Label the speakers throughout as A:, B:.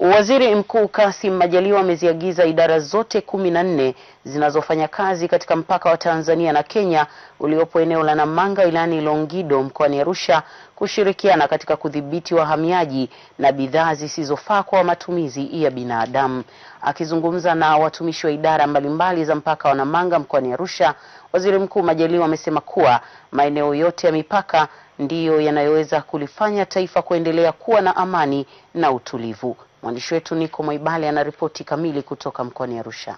A: Waziri Mkuu Kassim Majaliwa ameziagiza idara zote kumi na nne zinazofanya kazi katika mpaka wa Tanzania na Kenya uliopo eneo la Namanga wilayani Longido mkoani Arusha kushirikiana katika kudhibiti wahamiaji na bidhaa zisizofaa kwa matumizi ya binadamu. Akizungumza na watumishi wa idara mbalimbali za mpaka wa Namanga mkoani Arusha, Waziri Mkuu Majaliwa amesema kuwa maeneo yote ya mipaka ndiyo yanayoweza kulifanya taifa kuendelea kuwa na amani na utulivu. Mwandishi wetu Niko Mwaibale ripoti kamili kutoka mkoani Arusha.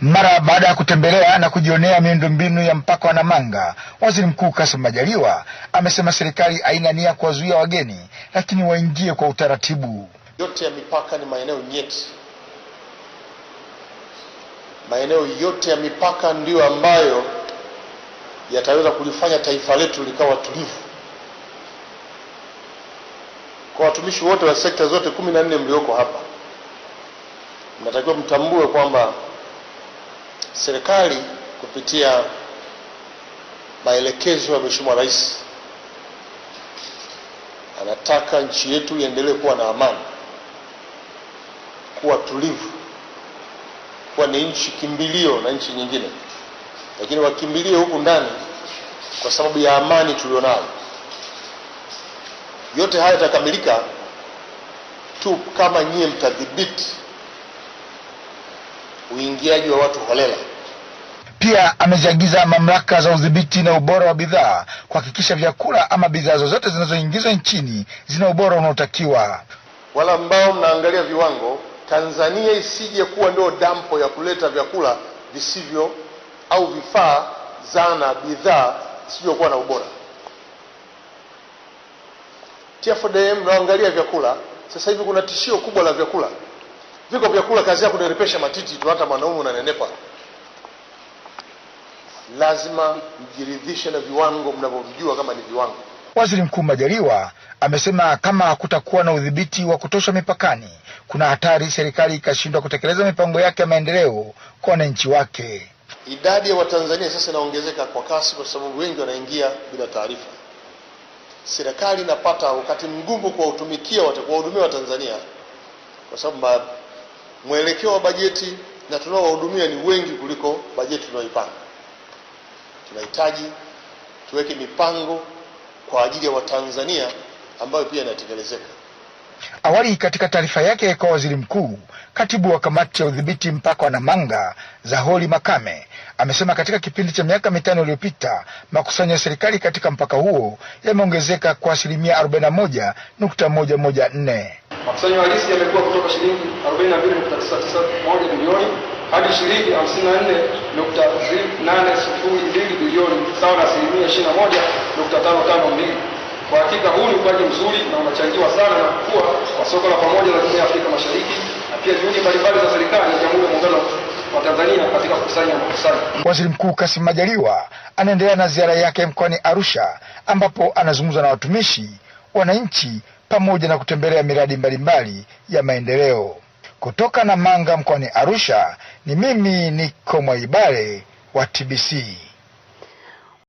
B: Mara baada ya kutembelea na kujionea miundombinu ya mpaka wa Namanga, waziri mkuu Kassim Majaliwa amesema serikali haina nia kuwazuia wageni, lakini waingie kwa utaratibu.
C: Yote ya mipaka ni maeneo nyeti maeneo yote ya mipaka ndiyo ambayo yataweza kulifanya taifa letu likawa tulivu. Kwa watumishi wote wa sekta zote kumi na nne mlioko hapa, mnatakiwa mtambue kwamba serikali kupitia maelekezo ya Mheshimiwa Rais anataka nchi yetu iendelee kuwa na amani, kuwa tulivu kuwa ni nchi kimbilio na nchi nyingine, lakini wakimbilie huku ndani kwa sababu ya amani tulionayo. Yote haya yatakamilika tu kama nyie mtadhibiti uingiaji wa watu holela.
B: Pia ameziagiza mamlaka za udhibiti na ubora wa bidhaa kuhakikisha vyakula ama bidhaa zozote zinazoingizwa nchini zina ubora unaotakiwa.
C: Wala ambao mnaangalia viwango Tanzania isije kuwa ndio dampo ya kuleta vyakula visivyo au vifaa, zana, bidhaa zisizokuwa na ubora. TFDM naangalia vyakula sasa hivi, kuna tishio kubwa la vyakula. Viko vyakula kazi yako kunirepesha matiti tu, hata mwanaume unanenepa. Lazima mjiridhishe na viwango mnavyovijua kama ni viwango.
B: Waziri Mkuu Majaliwa amesema kama hakutakuwa na udhibiti wa kutosha mipakani kuna hatari serikali ikashindwa kutekeleza mipango yake ya maendeleo kwa wananchi wake.
C: Idadi ya Watanzania sasa inaongezeka kwa kasi, kwa sababu wengi wanaingia bila taarifa. Serikali inapata wakati mgumu kuwatumikia, kuwahudumia Watanzania kwa sababu mwelekeo wa bajeti na tunaowahudumia ni wengi kuliko bajeti tunaoipanga. Tunahitaji tuweke mipango kwa ajili ya Watanzania ambayo pia inatekelezeka.
B: Awali katika taarifa yake kwa waziri mkuu, katibu wa kamati ya udhibiti mpaka wa Namanga Zaholi Makame amesema katika kipindi cha miaka mitano iliyopita makusanyo ya serikali katika mpaka huo yameongezeka kwa asilimia 41.114.
D: Makusanyo halisi yamekuwa kutoka shilingi 42.991 bilioni hadi shilingi 54.802 bilioni sawa na asilimia 21.552 kwa hakika huu ni ukuaji mzuri na unachangiwa sana na kukua kwa soko la pamoja la Jumuiya ya Afrika Mashariki na pia juhudi mbalimbali za serikali ya Jamhuri ya Muungano wa Tanzania katika kukusanya makusanyo.
B: Waziri Mkuu kasim Majaliwa anaendelea na ziara yake mkoani Arusha ambapo anazungumza na watumishi, wananchi pamoja na kutembelea miradi mbalimbali mbali ya maendeleo. Kutoka na manga mkoani Arusha, ni mimi niko Mwaibale wa TBC.